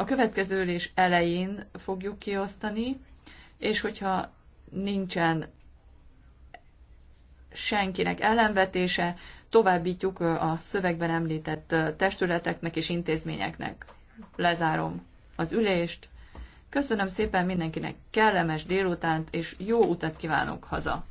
A következő ülés elején fogjuk kiosztani, és hogyha nincsen senkinek ellenvetése, továbbítjuk a szövegben említett testületeknek és intézményeknek. Lezárom az ülést. Köszönöm szépen mindenkinek kellemes délutánt, és jó utat kívánok haza!